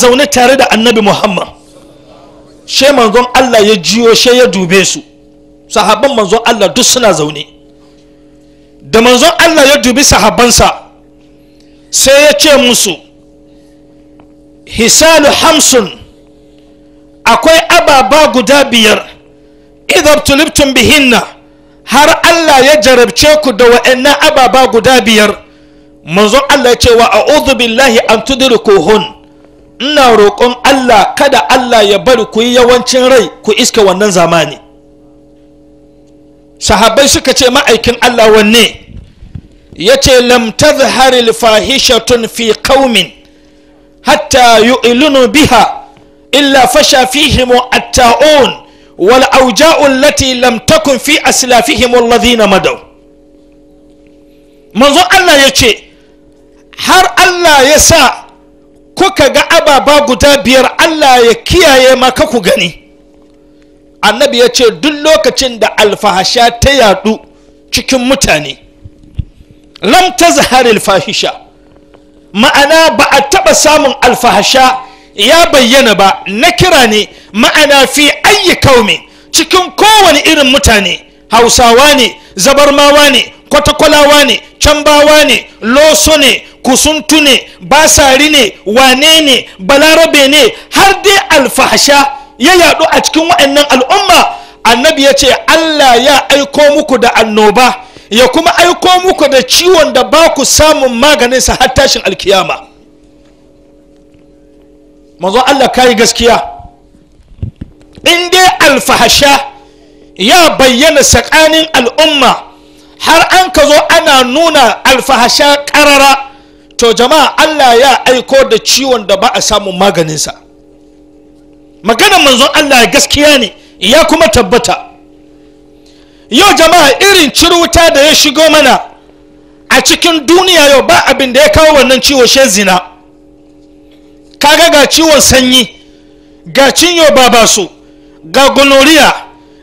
zaune tare da annabi muhammad she manzon allah ya jiyo she ya dube su sahabban manzon allah duk suna zaune da manzon allah ya dubi sahabbansa sai ya ce musu hisalu hamsun akwai ababa guda biyar idan bihinna har allah ya jarabce ku da wa'annan ababa guda biyar manzon allah ya ce wa a'udhu billahi an ina roƙon Allah kada Allah ya bari ku yi yawancin rai ku iska wannan zamani sahabbai suka ce ma'aikin Allah wanne ya ce lam fahishatun fi qaumin hatta yu'linu biha illa fasha fihim at-ta'un wal awja'u allati lam takun fi aslafihim alladhina madaw manzo Allah ya ce har Allah ya sa kuka ga ababa guda biyar Allah ya kiyaye maka ku gani annabi ya ce duk lokacin da alfahasha ta yadu cikin mutane lam ta zaharil fahisha ma'ana ba a taɓa samun alfahasha ya bayyana ba na kira ne ma'ana fi ayi kaumi cikin kowane irin mutane hausawa ne zabarmawa ne kwatakwalawa ne bawa ne loso ne kusuntu ne basari ne wane ne balarabe ne har dai alfahasha ya yadu a cikin wa'annan al'umma annabi ya ce allah ya aiko muku da annoba ya kuma aiko muku da ciwon da ba ku samun maganinsa har tashin alkiyama manzo allah kayi gaskiya in dai alfahasha ya bayyana tsakanin al'umma har an ka zo ana nuna alfahasha ƙarara. to jama'a Allah ya aiko da ciwon da ba a maganin maganinsa maganar manzon Allah gaskiya ne ya kuma tabbata yau jama'a irin ciruta da ya shigo mana a cikin duniya yau ba abin da ya kawo wannan ciwo shi zina kaga ga ciwon sanyi ga cinyo babasu ga gonoriya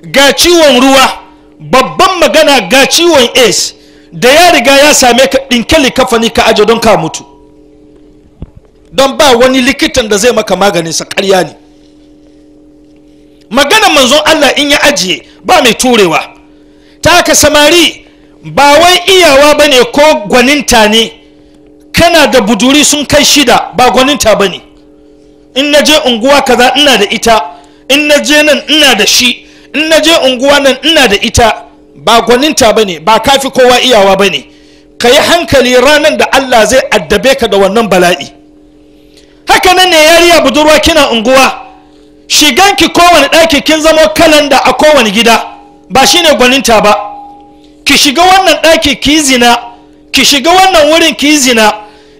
ga ciwon ruwa babban magana ga ciwon aids da ya riga ya same ka ɗinke likafani ka aje don ka mutu don ba wani likitan da zai maka maganin sa ƙarya ne magana manzon Allah in ya ajiye ba mai turewa ta haka samari ba wai iyawa ba ko gwaninta ne kana da buduri sun kai shida ba gwaninta bane ne in na je unguwa kaza ina da ita in na je nan ina da shi in na je unguwa nan ina da ita ba gwaninta ba ne ba kafi kowa iyawa ba ne ka yi hankali ranar da allah zai addabe ka da wannan bala'i haka nan ne yariya budurwa kina unguwa shiganki kowane ɗaki kin zama kalanda a kowane gida ba shine gwaninta ba ki shiga wannan ɗaki ki zina ki shiga wannan wurin ki zina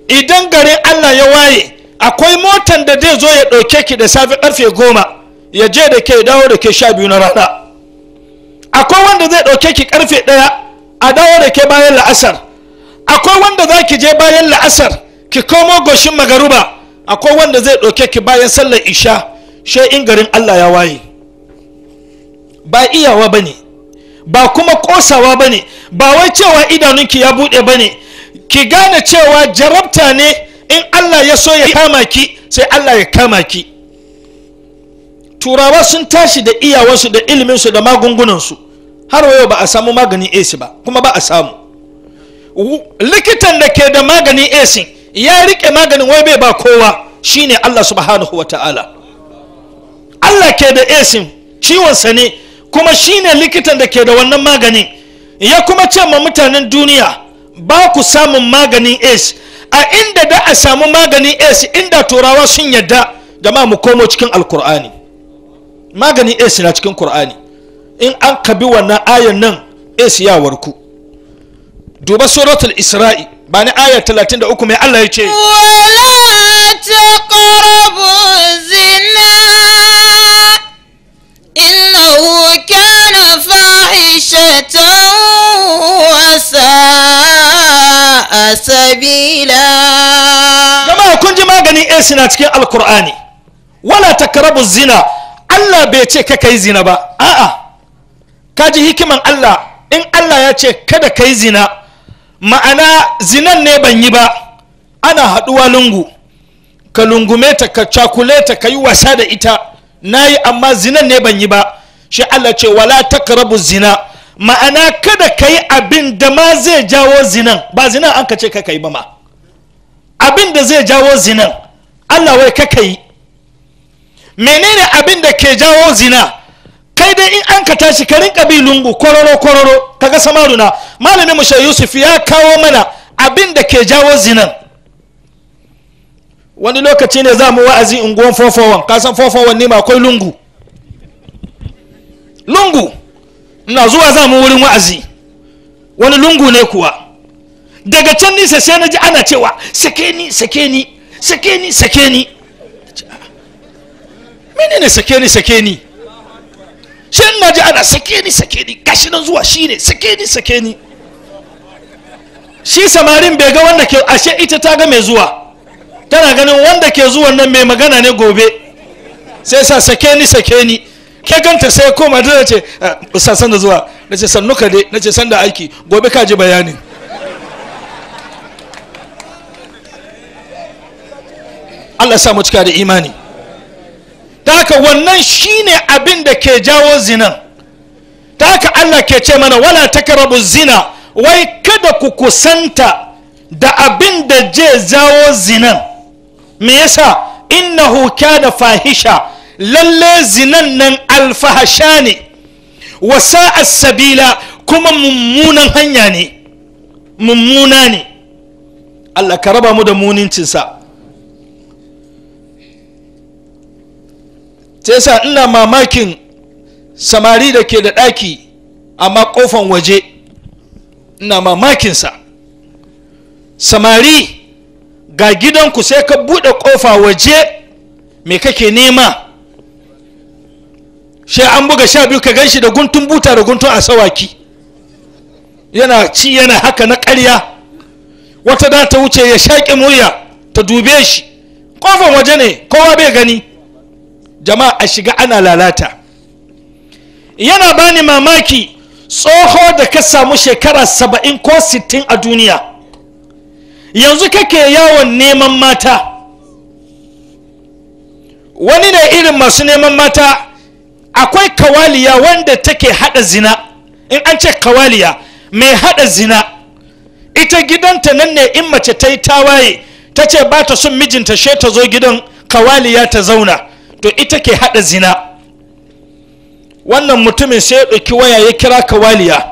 idan garin allah ya waye akwai motan da zai zo ya ɗauke ki da safe ƙarfe goma ya je da ke dawo da ke sha biyu na rana akwai wanda zai ɗauke ki karfe ɗaya a dawo da ke bayan la'asar akwai wanda za ki je bayan la'asar ki komo goshin magaruba akwai wanda zai ɗauke ki bayan sallar isha shai in garin allah ya waye ba iyawa ba ne ba kuma ƙosawa ba ne ba wai cewa idanunki ya buɗe ba ne ki gane cewa jarabta ne in allah ya so ya kama ki sai allah ya kama ki turawa sun tashi da iyawarsu da iliminsu da magungunansu har yau ba a samu maganin ac ba kuma ba a samu likitan da ke da maganin S ya rike maganin wai bai ba kowa shine Allah subhanahu wa ta'ala Allah ke da S ciwonsa ne kuma shine likitan da ke da wannan maganin ya kuma ce ma mutanen duniya ba ku samun maganin S a inda da a samu maganin S inda turawa sun yadda jama'a mu komo cikin alkur'ani maganin es na cikin qur'ani in an kabi wannan ayan nan es ya warku duba suratul isra'i ba ni aya 33 mai Allah ya ce wala taqrabu zina innahu kana fahishatan wa sa'a sabila jama'a kun ji maganin es na cikin alqur'ani wala taqrabu zina Allah bai ce ka kai zina ba a'a ka ji hikiman Allah in Allah ya ce kada ka yi zina ma'ana zinan ne ban yi ba ana haɗuwa lungu ka lungume ta ka cakule ta ka yi wasa da ita na yi amma zinan ne ban yi ba shi Allah ce wala takrabu zina ma'ana kada ka yi abin da ma zai jawo zinan ba zinan an ka ce ka yi ba ma abin da zai jawo zinan Allah wai ka yi menene abin da ke jawo zina kai dai in an ka tashi ka rinka bi lungu kororo kororo ga samaruna malamin mu yusuf ya kawo mana abin da ke jawo zinan wani lokaci ne za mu wa'azi unguwan fofowan. kasan fofowan ne ma akwai lungu lungu na zuwa za mu wurin wa'azi wani lungu ne kuwa daga can nisa sai na ji ana cewa sake ni sake ni sake ni sake ni menene sake ni sake ni shin na ji ana sake ni sake ni gashi nan zuwa shine sake ni sake ni shi samarin bai ga wanda ke ashe ita ta ga mai zuwa tana ganin wanda ke zuwa nan mai magana ne gobe sai sa sake ni sake ni ke ganta sai koma da ce ah, sa san zuwa na ce sannu ka dai na ce san aiki gobe ka ji bayanin Allah sa mu cika da imani Taka haka wannan shine abin da ke jawo zinan taka Allah ke ce mana wala takarabu zina wai kada ku kusanta da abin da je jawo zinan me yasa innahu kana fahisha lalle zinan nan alfahasha ne wasa sabila kuma mummunan hanya ne mummuna ne Allah ka raba mu da munincinsa sai sa ina mamakin samari da ke da ɗaki amma ƙofan waje ina mamakinsa samari ga gidan ku sai ka buɗe ƙofa waje me kake nema shi an buga sha biyu ka ganshi da guntun buta da guntun asawaki yana ci yana haka na ƙarya wata da ta wuce ya shaƙi murya ta dube shi ƙofan waje ne kowa bai gani jama'a a shiga ana lalata yana bani mamaki tsoho da ka samu shekara saba'in ko sittin a duniya yanzu kake yawon neman mata wani ne irin masu neman mata akwai kawaliya wanda take hada zina in an ce kawaliya mai hada zina ita gidanta nan ne in mace ta yi tawaye ta ce ba ta son mijinta she ta zo gidan kawaliya ta zauna to ita ke haɗa zina wannan mutumin sai ya ɗauki waya ya kira kawaliya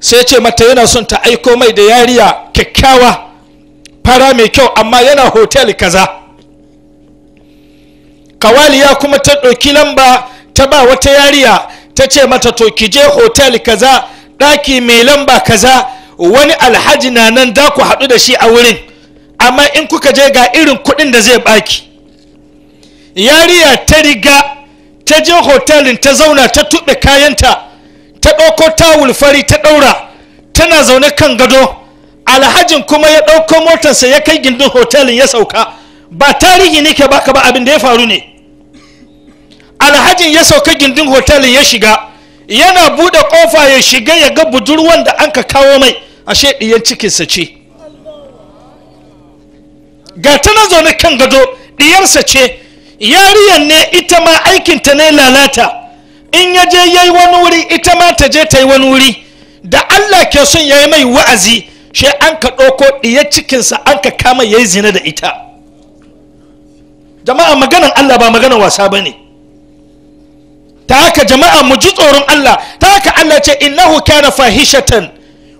sai ce mata yana son ta aiko mai da yariya kyakkyawa fara mai kyau amma yana hotel kaza kawaliya kuma ta ɗauki lamba ta ba wata yariya ta ce mata to ki je hotel kaza ɗaki mai lamba kaza wani alhaji na nan da ku haɗu da shi a wurin amma in kuka je ga irin kuɗin da zai baki yariya ta riga ta je hotelin ta zauna ta tuɓe kayanta ta ɗauko tawul fari ta ɗaura tana zaune kan gado alhajin kuma ya ɗauko motarsa ya kai gindin hotelin ya sauka ba tarihi ke baka ba abin da ya faru ne alhajin ya sauka gindin hotelin ya shiga yana buɗe ƙofa ya shiga ya ga budurwan da an ka kawo mai ashe ɗiyan cikinsa ce ga tana zaune kan gado ɗiyarsa ce yariyan ne ita ma aikinta ne lalata in ya je ya yi wani wuri ita ma ta je ta yi wani wuri da allah ke son ya yi mai wa'azi shi an ka ɗauko ɗiyar cikinsa an ka kama ya yi zina da ita jama'a maganan allah ba maganan wasa ba ne ta haka jama'a mu ji tsoron allah ta haka allah ce innahu kana fahishatan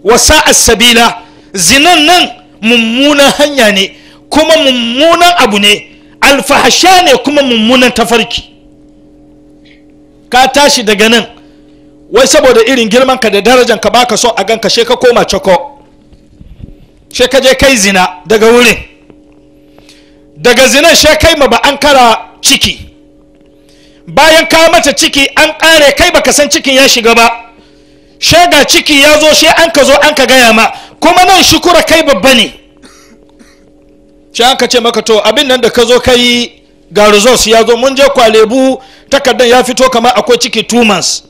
wa sa'a sabila zinan nan mummunan hanya ne kuma mummunan abu ne alfahasha ne kuma mummunan tafarki ka tashi daga nan wai saboda irin girman ka da darajanka baka son a ganka she ka koma cako she ka je kai zina daga wurin daga zinan she kai ma ba an kara ciki bayan ka mata ciki an kare kai baka san cikin ya shiga ba she ciki ya zo she an ka zo an ka gaya ma kuma nan shukura kai babba ne shi aka ce maka to abin nan da ka zo ka yi ga results ya zo mun je kwalebu takardar ya fito kamar akwai ciki two months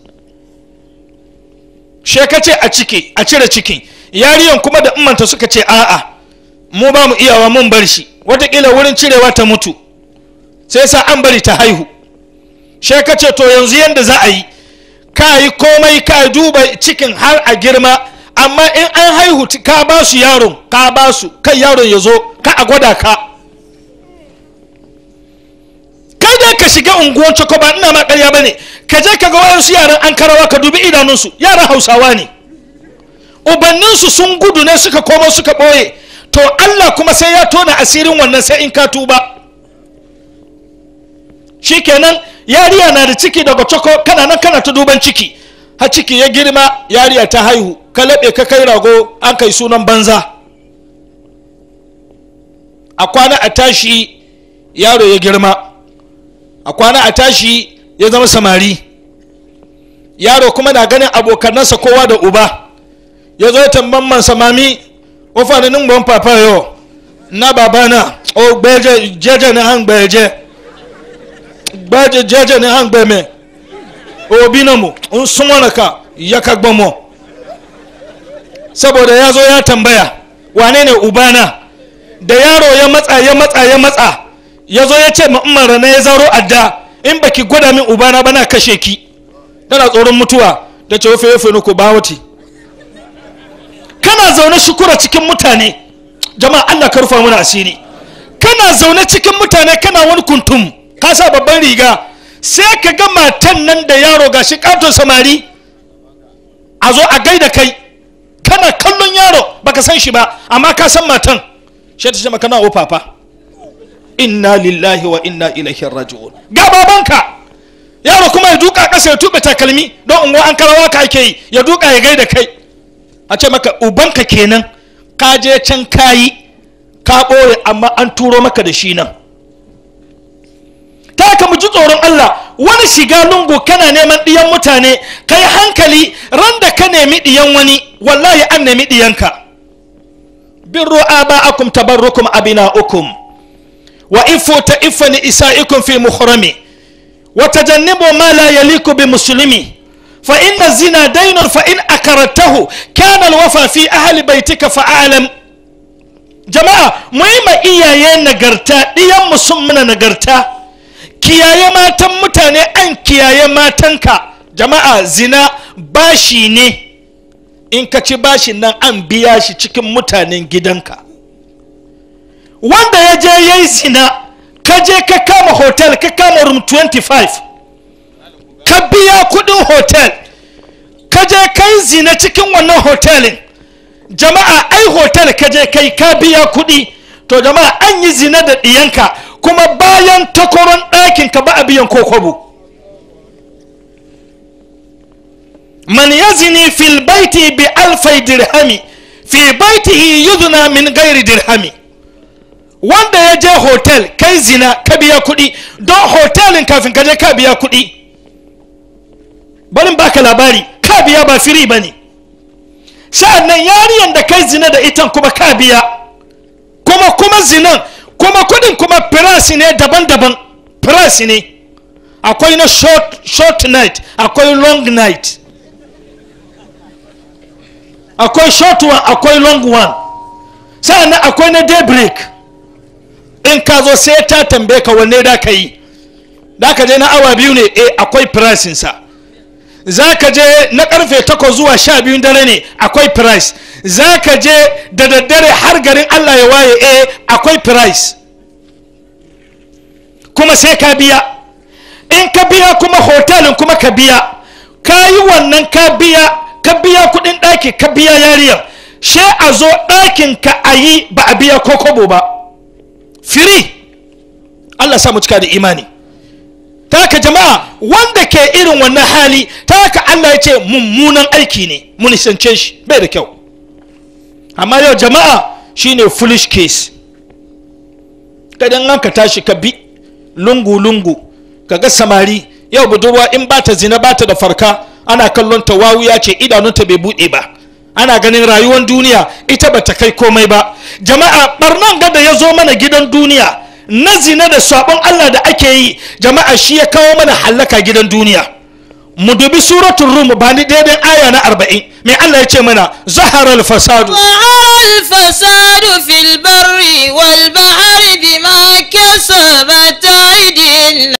she ka ce a ciki a cire cikin yariyan kuma da ummanta suka ce a'a mu ba mu iyawa mun bar shi watakila wurin cirewa ta mutu sai sa an bari ta haihu she ka ce to yanzu yadda za a yi ka yi komai ka duba cikin har a girma amma in an haihu ka ba su yaron ka ba su kai yaron ya zo ka a gwada ka kai ka shiga unguwar cako ba ina ma karya bane ka je ka ga wayansu yaran an karawa ka dubi idanunsu yaran hausawa ne ubanninsu sun gudu ne suka komo suka boye to allah kuma sai ya tona asirin wannan sai in ka tuba shikenan yariya na da ciki daga coko kana nan kana ta duban ciki ha ciki ya girma yariya ta haihu ka laɓe ka kai rago an kai sunan banza a kwana a tashi yaro ya girma a kwana a tashi ya zama samari yaro kuma na ganin abokanansa kowa da uba ya zo tamban mansa mami ofaninin gbon papa yau na babana o oh, gbeje jeje ni an gbeje gbeje jeje ni an gbeme obinamu in ka ya mu saboda ya zo ya tambaya wane ne ubana da yaro ya matsa ya matsa ya matsa ya zo ya ce ma'amman rana ya zaro adda in baki gwada min ubana ba na kashe ki tana tsoron mutuwa da ce wafe wafe nuku wati kana zaune shukura cikin mutane jama'a allah karfa mana asiri kana zaune cikin mutane kana wani kuntum ka sa babban riga sai ka ga matan nan da yaro ga shi katon samari a zo a gaida kai kana kallon yaro baka san shi ba amma ka san matan shi ta ce makana papa inna lillahi wa inna ilaihi raji'un ga babanka yaro kuma ya duka kasa ya tube takalmi don unguwa an karawa ka ake yi ya duka ya gaida kai a ce maka ubanka kenan ka je can kayi ka ɓoye amma an turo maka da shi nan ta haka mu ji tsoron Allah wani shiga lungu kana neman ɗiyan mutane ka yi hankali ran da ka nemi ɗiyan wani wallahi an nemi ɗiyanka birru aba'akum tabarrukum ukum. wa ifu ta ifani isa'ikum fi muhrami wa tajannibu ma la yaliku bi muslimi fa inna zina dainun fa in akaratahu kana alwafa fi ahli baitika fa a'lam jama'a mu yi ma iyaye nagarta ɗiyan mu sun muna nagarta kiyaye matan mutane an kiyaye matanka jama'a zina bashi ne in ka ci bashin nan an biya shi cikin mutanen gidanka wanda ya je ya yi zina ka je ka kama hotel ka kama room 25 ka biya kudin hotel ka je kai zina cikin wannan hotelin jama'a ai hotel ka je kai ka biya kudi to jama'a an yi zina da ɗiyanka kuma bayan takwaron ɗakinka ba a biyan kokobo. man yazini fil baiti bi alfai dirhami fi baitihi yuzna min gairi dirhami wanda ya je hotel kai zina ka biya kuɗi don hotelin kafin ka je ka biya kuɗi barin baka labari ka biya ba firi ba ne nan yariyan da kai zina da itan kuma ka biya kuma kuma zinan kuma kudin kuma price ne daban-daban price ne akwai na short, short night akwai long night akwai short one akwai long one sa'annan akwai na day break in ka zo sai ta tambaye ka wanne da ka yi da ka je na awa biyu ne eh akwai price sa za ka je na karfe 8 zuwa 12 dare ne akwai price za ka je da daddare har garin allah ya waye e akwai price kuma sai ka biya in ka biya kuma hotelin kuma ka biya ka yi wannan ka biya ka biya kudin ɗaki ka biya yariyar she a zo ɗakin ka a yi ba a biya ko kobo ba firi allah samu cika da imani ta jama'a wanda ke irin wannan hali ta haka Allah ya ce mummunan aiki ne mun shi bai da kyau amma yau jama'a shine foolish case kadan an ka tashi ka bi lungu lungu ka ga samari yau budurwa in ba ta zina ba ta da farka ana kallon ta ya ce idanunta bai bude ba ana ganin rayuwar duniya ita ba ta kai komai ba jama'a barnan da ya zo mana gidan duniya na da sabon Allah da ake yi jama'a shi ya kawo mana halaka gidan duniya mu dubi suratul rum ba ni daidai aya na 40 mai Allah ya ce mana zahara al-fasadu fil barri wal bahri bima kasabat أيدي